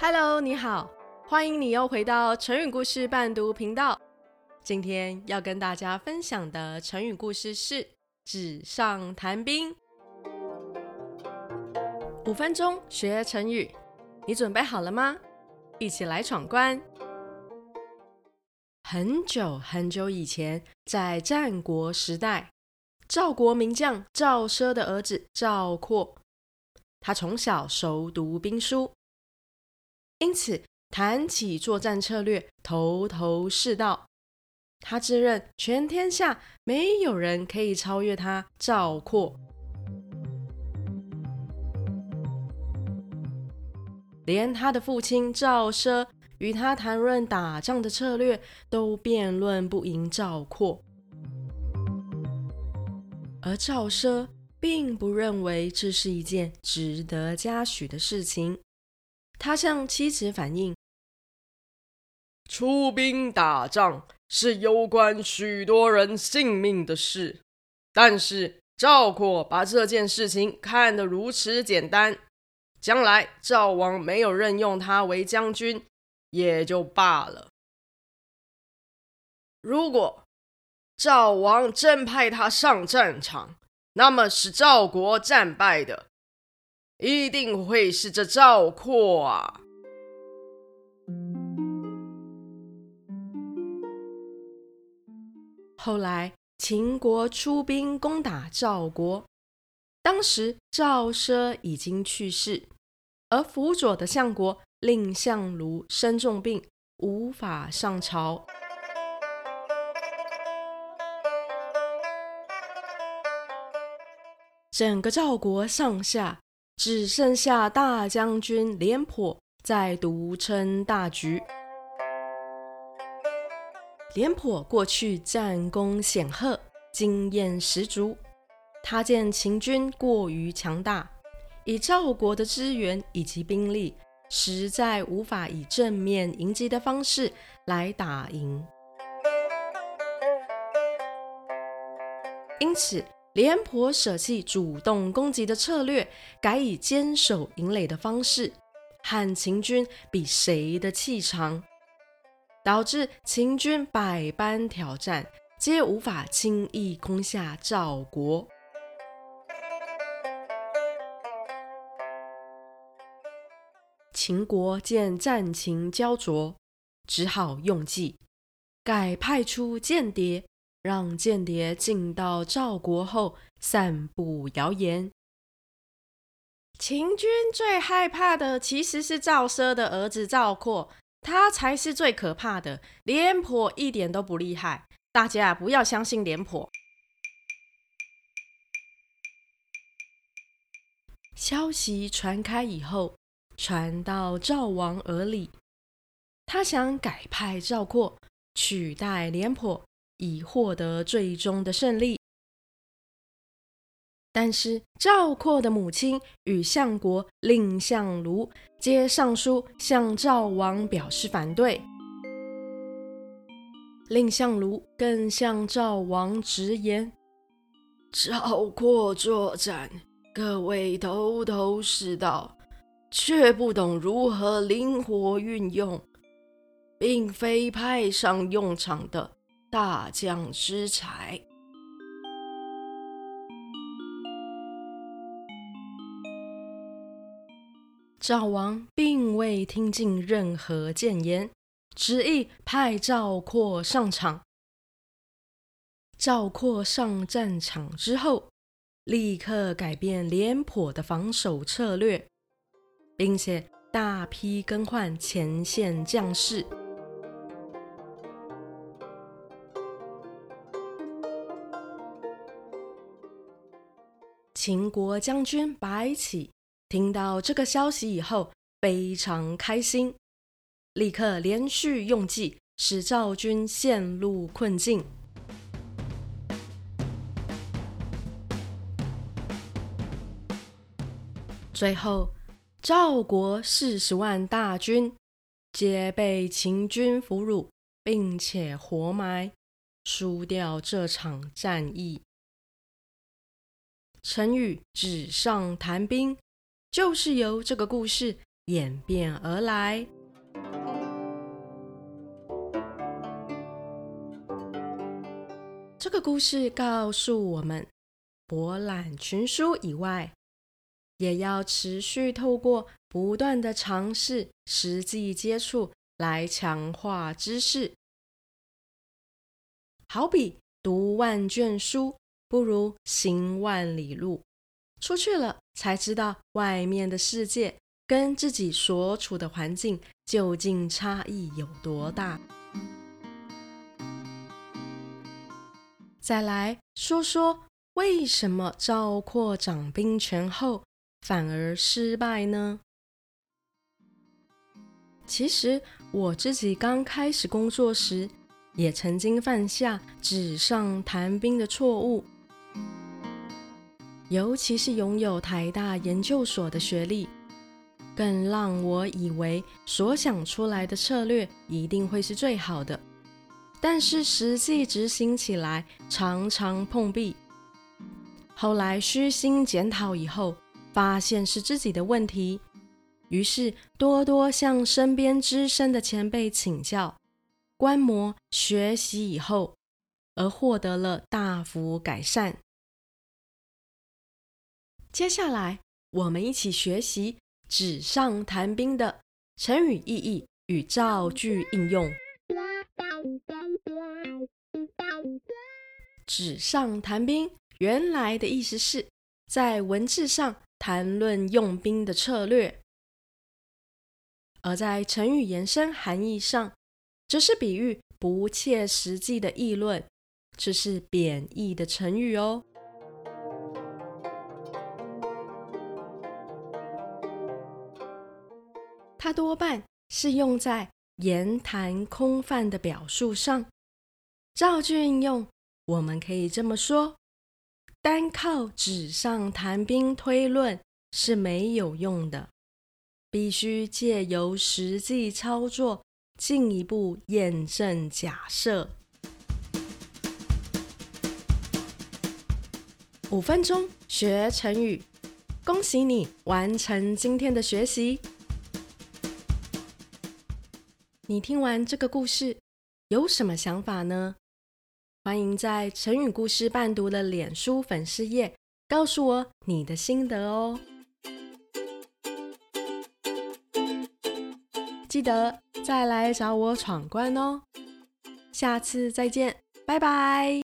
Hello，你好，歡迎你又回到成語故事伴讀頻道。今天要跟大家分享的成語故事是“紙上談兵”。五分鐘學成語，你準備好了嗎？一起來闖關。很久很久以前，在戰國時代，趙國名將趙奢的兒子趙括，他從小熟讀兵書。因此，談起作戰策略，頭頭是道。他自認全天下沒有人可以超越他，趙括。連他的父親趙奢與他談論打仗的策略，都辯論不贏趙括。而趙奢並不認為這是一件值得嘉許的事情。他向妻子反映：“出兵打仗是攸關許多人性命的事，但是趙括把這件事情看得如此簡單。將來趙王沒有任用他為將軍，也就罷了。如果趙王真派他上戰場，那麼使趙國戰敗的。”一定會是這趙括啊！後來秦國出兵攻打趙國，當時趙奢已經去世，而輔佐的相國藺相如身重病，無法上朝，整個趙國上下。只剩下大將軍廉頗在獨撐大局。廉頗過去戰功顯赫，經驗十足。他見秦軍過於強大，以趙國的資源以及兵力，實在無法以正面迎擊的方式來打贏，因此。廉頗捨棄主動攻擊的策略，改以堅守營壘的方式，和秦軍比誰的氣長，導致秦軍百般挑戰，皆無法輕易攻下趙國。秦國見戰情膠著，只好用計，改派出間諜。讓間諜進到趙國後，散布謠言。秦軍最害怕的其實是趙奢的兒子趙括，他才是最可怕的。廉頗一點都不厲害，大家不要相信廉頗。消息傳開以後，傳到趙王耳裡，他想改派趙括取代廉頗。以獲得最終的勝利，但是趙括的母親與相國藺相如皆上書向趙王表示反對。藺相如更向趙王直言：“趙括作戰，各位頭頭是道，卻不懂如何靈活運用，並非派上用場的。”大將之才。趙王並未聽進任何諫言，執意派趙括上場。趙括上戰場之後，立刻改變廉頗的防守策略，並且大批更換前線將士。秦國將軍白起聽到這個消息以後，非常開心，立刻連續用計，使趙軍陷入困境。最後，趙國四十萬大軍皆被秦軍俘虜，並且活埋，輸掉這場戰役。成語“紙上談兵”就是由這個故事演變而來。這個故事告訴我們，博覽群書以外，也要持續透過不斷的嘗試、實際接觸來強化知識。好比讀萬卷書，不如行萬里路，出去了才知道外面的世界跟自己所處的環境究竟差異有多大。再來說說為什麼趙括掌兵權後反而失敗呢？其實我自己剛開始工作時，也曾經犯下紙上談兵的錯誤。尤其是擁有台大研究所的學歷，更讓我以為所想出來的策略，一定會是最好的。但是實際執行起來常常碰壁。後來虛心檢討以後，發現是自己的問題，於是多多向身邊資深的前輩請教、觀摩學習以後，而獲得了大幅改善。接下來，我們一起學習“紙上談兵”的成語意義與造句應用。“紙上談兵”原來的意思是在文字上談論用兵的策略，而在成語延伸含義上，這是比喻不切實際的議論，這是貶義的成語哦。它多半是用在言談空泛的表述上。造句應用，我們可以這麼說：單靠紙上談兵推論是沒有用的，必須借由實際操作進一步驗證假設。五分鐘學成語，恭喜你完成今天的學習。你聽完這個故事，有什麼想法呢？歡迎在成語故事伴讀的臉書粉絲頁告訴我你的心得哦！記得再來找我闖關哦！下次再見，拜拜。